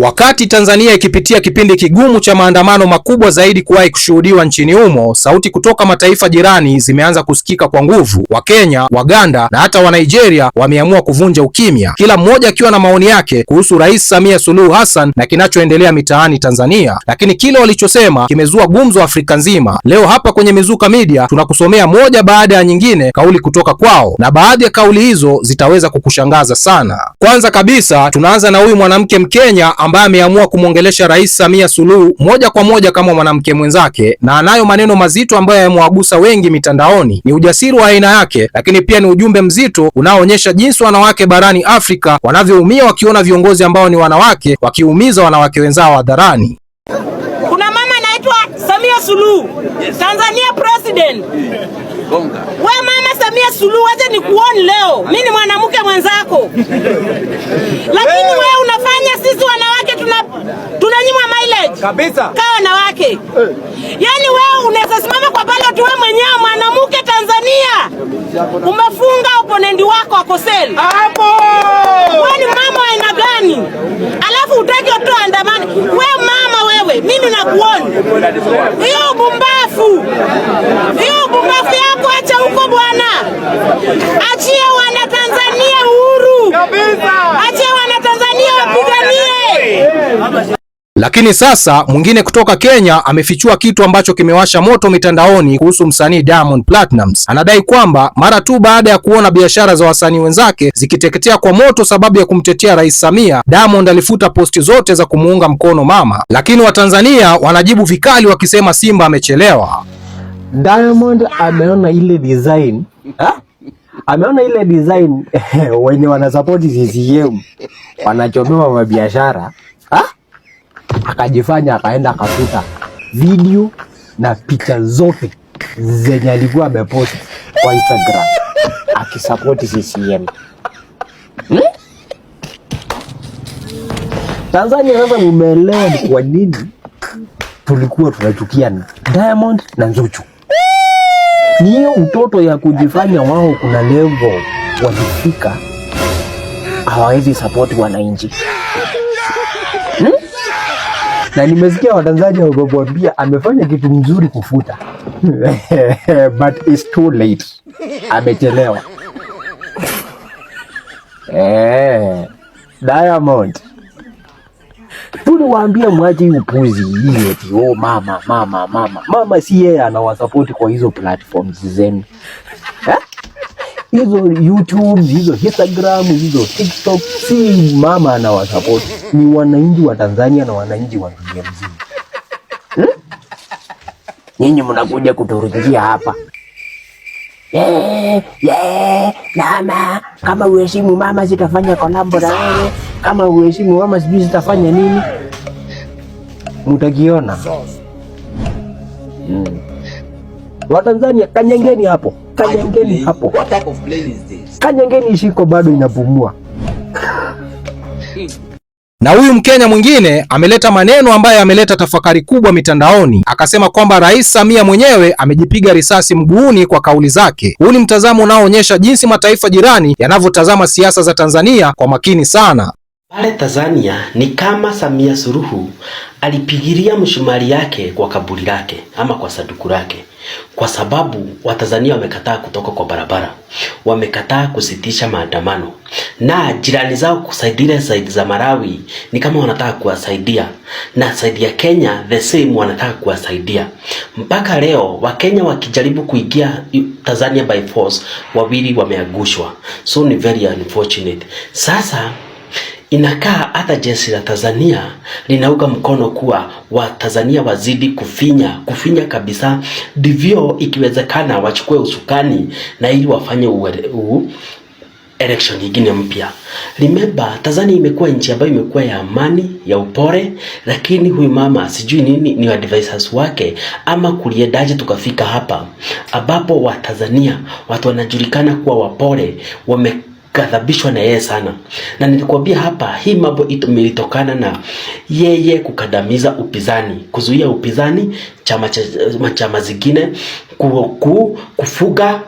Wakati Tanzania ikipitia kipindi kigumu cha maandamano makubwa zaidi kuwahi kushuhudiwa nchini humo, sauti kutoka mataifa jirani zimeanza kusikika kwa nguvu. Wakenya, Waganda na hata Wanigeria wameamua kuvunja ukimya, kila mmoja akiwa na maoni yake kuhusu Rais Samia Suluhu Hassan na kinachoendelea mitaani Tanzania. Lakini kile walichosema kimezua gumzo Afrika nzima. Leo hapa kwenye Mizuka Media tunakusomea moja baada ya nyingine kauli kutoka kwao, na baadhi ya kauli hizo zitaweza kukushangaza sana. Kwanza kabisa tunaanza na huyu mwanamke Mkenya ambaye ameamua kumwongelesha Rais Samia Suluhu moja kwa moja kama mwanamke mwenzake, na anayo maneno mazito ambayo yamewagusa wengi mitandaoni. Ni ujasiri wa aina yake, lakini pia ni ujumbe mzito unaoonyesha jinsi wanawake barani Afrika wanavyoumia wakiona viongozi ambao ni wanawake wakiumiza wanawake wenzao hadharani. Kuna mama anaitwa Samia Suluhu, Tanzania president. We mama Samia Suluhu, waje nikuoni leo, mimi ni mwanamke mwenzako, lakini wewe unafanya sisi wana tunanyimwa mileage kabisa kwa wanawake eh. Yaani wewe unaweza simama kwa ballot wewe mwenyewe mwanamke Tanzania, umefunga oponendi wako akoseli hapo. Wewe ni mama aina gani? Alafu utaki watu andamani? Wewe mama wewe, mimi nakuona hiyo ubumbafu, hiyo ubumbafu yako acha huko bwana, acha Lakini sasa mwingine kutoka Kenya amefichua kitu ambacho kimewasha moto mitandaoni kuhusu msanii Diamond Platnumz. Anadai kwamba mara tu baada ya kuona biashara za wasanii wenzake zikiteketea kwa moto sababu ya kumtetea Rais Samia, Diamond alifuta posti zote za kumuunga mkono mama. Lakini Watanzania wanajibu vikali wakisema Simba amechelewa. Diamond ameona ile design ha? ameona ile design wenye wanasapoti CCM wanachomewa mabiashara ha? akajifanya akaenda akakuta video na picha zote zenye alikuwa amepost kwa Instagram akisapoti CCM. Hmm? Tanzania sasa mumeelewa ni kwa nini tulikuwa tunachukiana Diamond na Zuchu. Niyo utoto ya kujifanya wao kuna level walifika hawawezi sapoti wananchi na nimesikia Watanzania wakamwambia amefanya kitu mzuri kufuta but it's too late, amechelewa. Eh, Diamond tuliwaambia mwache upuzi hiyo ti oh, mama mama mama mama, si yeye anawasapoti kwa hizo platforms zenu eh? hizo YouTube, hizo Instagram, hizo TikTok, si mama anawasapoti, ni wananchi wa Tanzania na wananchi wa dunia mzima hmm? Nyinyi mnakuja kuturudia hapa yeah, yeah, mama, kama uheshimu mama zitafanya kolabo na wewe, kama uheshimu mama sijui zitafanya nini, mutakiona hmm. Watanzania kanyengeni hapo, kanyengeni hapo, kanyengeni ishiko bado inavumua. Na huyu Mkenya mwingine ameleta maneno ambayo ameleta tafakari kubwa mitandaoni, akasema kwamba Rais Samia mwenyewe amejipiga risasi mguuni kwa kauli zake. Huu ni mtazamo unaoonyesha jinsi mataifa jirani yanavyotazama siasa za Tanzania kwa makini sana. Pale Tanzania ni kama Samia Suluhu alipigilia mshumari yake kwa kaburi lake ama kwa sanduku lake kwa sababu Watanzania wamekataa kutoka kwa barabara, wamekataa kusitisha maandamano, na jirani zao kusaidia saidi za Malawi ni kama wanataka kuwasaidia, na saidi ya Kenya the same wanataka kuwasaidia. Mpaka leo Wakenya wakijaribu kuingia Tanzania by force, wawili wameagushwa, so ni very unfortunate sasa Inakaa hata jeshi la Tanzania linauga mkono kuwa Watanzania wazidi kufinya kufinya kabisa, ndivyo ikiwezekana wachukue usukani na ili wafanye u election nyingine mpya. Remember, Tanzania imekuwa nchi ambayo imekuwa ya amani ya upore, lakini huyu mama sijui nini ni advisors wake ama kuliedaje tukafika hapa ambapo Watanzania watu wanajulikana kuwa wapore wame kadhabishwa na yeye sana, na nilikwambia hapa, hii mambo ilitokana na yeye kukandamiza upinzani, kuzuia upinzani, chama chama zingine ku, ku, kufuga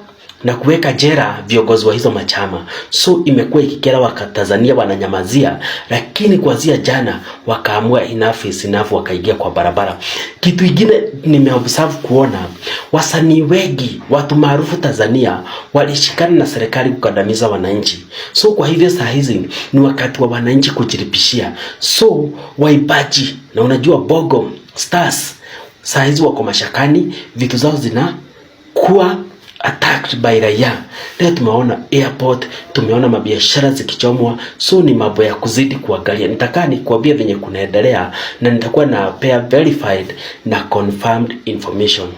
na kuweka jera viongozi wa hizo machama. So imekuwa ikikera Wakatanzania wananyamazia, lakini kuanzia jana wakaamua enough is enough, wakaingia kwa barabara. Kitu kingine nimeobserve kuona wasanii wengi, watu maarufu Tanzania walishikana na serikali kukandamiza wananchi. So kwa hivyo saa hizi ni wakati wa wananchi kujiripishia. So waibaji na unajua Bongo Stars saa hizi wako mashakani, vitu zao zinakuwa attacked by raia. Leo tumeona airport, tumeona mabiashara zikichomwa, so ni mambo ya kuzidi kuangalia. Nitakaa nikuambia venye kunaendelea na nitakuwa na pair verified na confirmed information.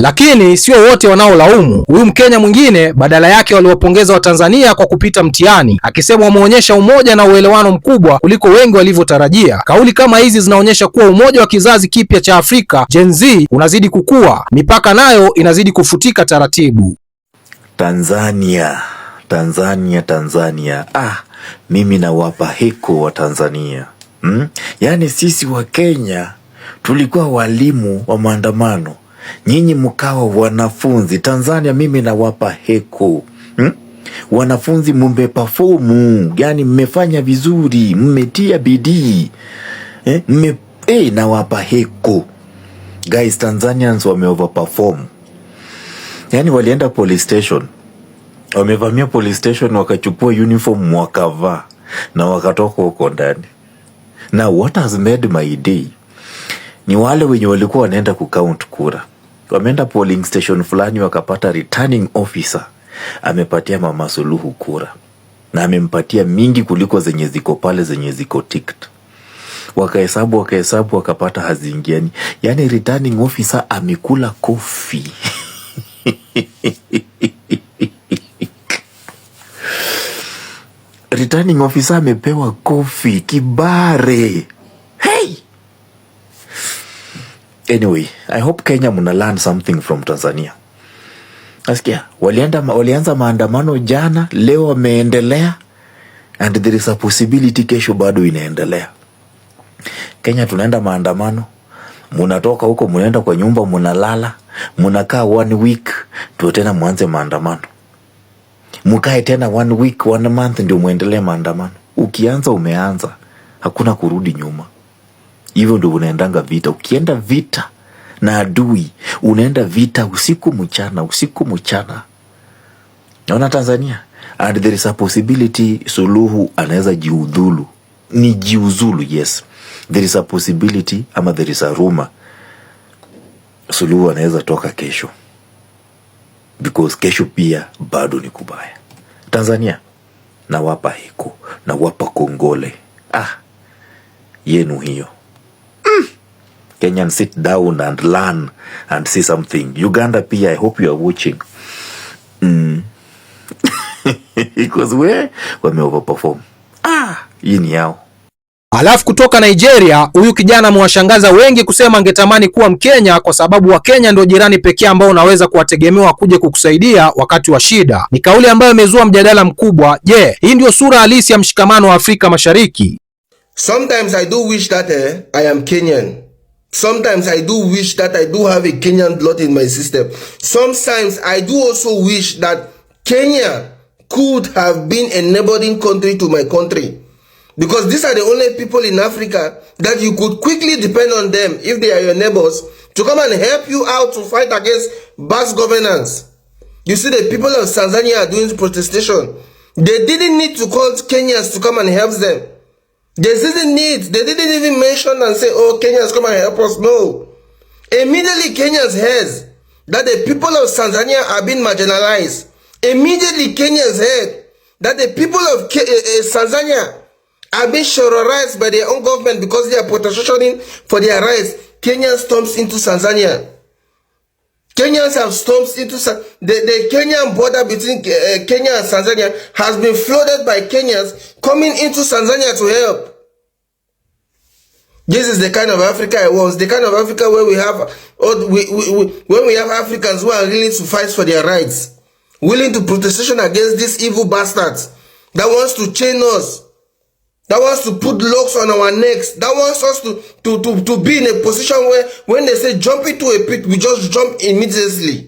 Lakini sio wote wanaolaumu. Huyu Mkenya mwingine badala yake waliwapongeza Watanzania kwa kupita mtihani, akisema wameonyesha umoja na uelewano mkubwa kuliko wengi walivyotarajia. Kauli kama hizi zinaonyesha kuwa umoja wa kizazi kipya cha Afrika Gen Z unazidi kukua, mipaka nayo inazidi kufutika taratibu. Tanzania, Tanzania, Tanzania. Ah, mimi nawapa heko wa Tanzania hmm? Yaani sisi wa Kenya tulikuwa walimu wa maandamano nyinyi mkawa wanafunzi Tanzania, mimi nawapa heko hmm? Wanafunzi mmepafomu, yani mmefanya vizuri, mmetia bidii eh? Mme, eh, nawapa heko guys. Tanzanians wameoverperform, yani walienda police station, wamevamia police station, wakachukua uniform wakavaa na wakatoka huko ndani. Now what has made my day ni wale wenye walikuwa wanaenda kucount kura wameenda polling station fulani wakapata returning officer amepatia Mama Suluhu kura na amempatia mingi kuliko zenye ziko pale zenye ziko ticked. Wakahesabu wakahesabu wakapata haziingiani. Yani returning officer amekula kofi returning officer amepewa kofi kibare. Anyway, I hope Kenya mna learn something from Tanzania. Nasikia walienda walianza maandamano jana, leo wameendelea and there is a possibility kesho bado inaendelea. Kenya tunaenda maandamano, munatoka huko munaenda kwa nyumba munalala, munakaa one week ndio tena mwanze maandamano. Mukae tena one week one month ndio muendelee maandamano. Ukianza umeanza, hakuna kurudi nyuma. Hivyo ndo unaendanga vita. Ukienda vita na adui, unaenda vita usiku mchana, usiku mchana. Naona Tanzania and there is a possibility Suluhu anaweza jiudhulu, ni jiuzulu. Yes, there is a possibility ama there is a rumor Suluhu anaweza toka kesho because kesho pia bado ni kubaya. Tanzania nawapa hiko nawapa kongole. Ah, yenu hiyo. Kenyan sit down and learn and see something. Uganda pia, I hope you are watching mm. because we wame overperform. Ah, hii ni yao. Alafu kutoka Nigeria huyu kijana amewashangaza wengi kusema angetamani kuwa Mkenya kwa sababu Wakenya ndio jirani pekee ambao unaweza kuwategemewa kuja kukusaidia wakati wa shida. Ni kauli ambayo imezua mjadala mkubwa. Je, yeah, hii ndio sura halisi ya mshikamano wa Afrika Mashariki? Sometimes I do wish that, eh, I am Kenyan. Sometimes I do wish that I do have a Kenyan blood in my system. Sometimes I do also wish that Kenya could have been a neighboring country to my country. Because these are the only people in Africa that you could quickly depend on them if they are your neighbors to come and help you out to fight against bad governance. You see the people of Tanzania are doing protestation. They didn't need to call Kenyans to come and help them. They didn't need, they didn't even mention and say, oh, Kenyans, come and help us. No. Immediately, Kenyans heard that the people of Tanzania are being marginalized. Immediately, Kenyans heard that the people of Ke uh, Tanzania are being terrorized by their own government because they are protesting for their rights. Kenya storms into Tanzania. Kenyans have stormed into the, the Kenyan border between uh, Kenya and Tanzania has been flooded by Kenyans coming into Tanzania to help. This is the kind of Africa I want. The kind of Africa where we have, or we, we, we, when we have Africans who are willing to fight for their rights, willing to protestation against these evil bastards that wants to chain us that wants to put locks on our necks that wants us to to to, to be in a position where when they say jump into a pit we just jump immediately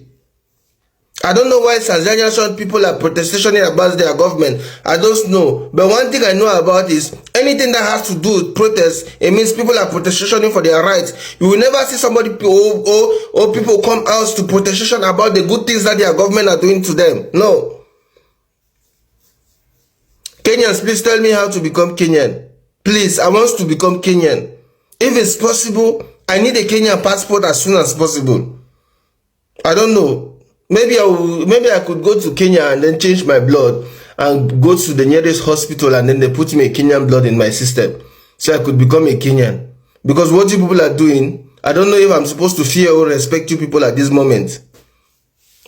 i don't know why tanzanian people are protesting about their government i don't know but one thing i know about is anything that has to do with protest it means people are protesting for their rights you will never see somebody or oh, or oh, oh, people come out to protestation about the good things that their government are doing to them no Kenyans, please tell me how to become Kenyan. Please, I want to become Kenyan. If it's possible, I need a Kenyan passport as soon as possible. I don't know. Maybe I will, maybe I could go to Kenya and then change my blood and go to the nearest hospital and then they put me a Kenyan blood in my system so I could become a Kenyan. Because what you people are doing, I don't know if I'm supposed to fear or respect you people at this moment.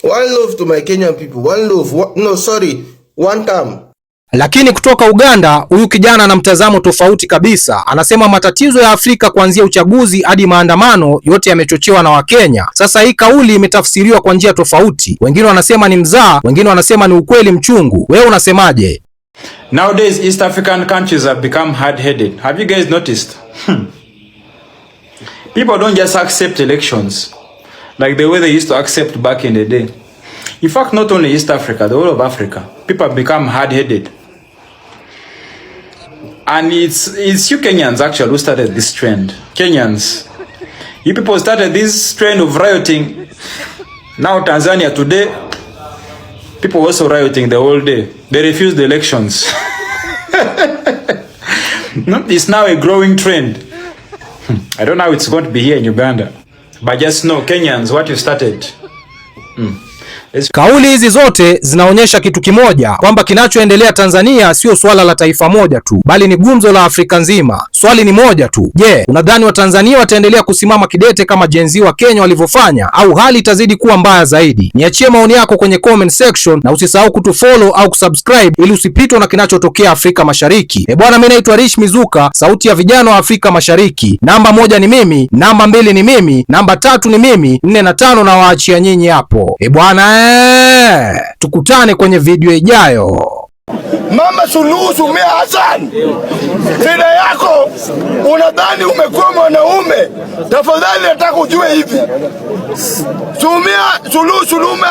One love to my Kenyan people. One love. One, no, sorry. One time. Lakini kutoka Uganda huyu kijana ana mtazamo tofauti kabisa. Anasema matatizo ya Afrika kuanzia uchaguzi hadi maandamano yote yamechochewa na Wakenya. Sasa hii kauli imetafsiriwa kwa njia tofauti. Wengine wanasema ni mzaa, wengine wanasema ni ukweli mchungu. Wewe unasemaje? Nowadays East African countries have become hard-headed. Have you guys noticed? Hmm. People don't just accept elections like the way they used to accept back in the day. In fact, not only East Africa, the whole of Africa. People have become hard-headed. And it's it's you Kenyans actually who started this trend. Kenyans. You people started this trend of rioting. Now Tanzania today, people also rioting the whole day. They refused the elections. Hmm. It's now a growing trend. Hmm. I don't know how it's going to be here in Uganda. But just know Kenyans, what you started. Mm. Kauli hizi zote zinaonyesha kitu kimoja, kwamba kinachoendelea Tanzania sio swala la taifa moja tu, bali ni gumzo la Afrika nzima. Swali ni moja tu, je, yeah, unadhani Watanzania wataendelea kusimama kidete kama jenzi wa Kenya walivyofanya au hali itazidi kuwa mbaya zaidi? Niachie maoni yako kwenye comment section na usisahau kutufollow au kusubscribe ili usipitwe na kinachotokea Afrika Mashariki. Eh bwana, mimi naitwa Rich Mizuka, sauti ya vijana wa Afrika Mashariki. Namba moja ni mimi, namba mbili ni mimi, namba tatu ni mimi, nne na tano na waachia nyinyi hapo. Eh bwana Eh, tukutane kwenye video ijayo. Mama Suluhu Sumia Hassan, shida yako unadhani umekuwa mwanaume? Tafadhali nataka ujue hivi, Sumia Suluhu Sulume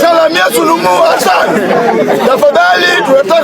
Salamia Suluhu Hassan, tafadhali tunataka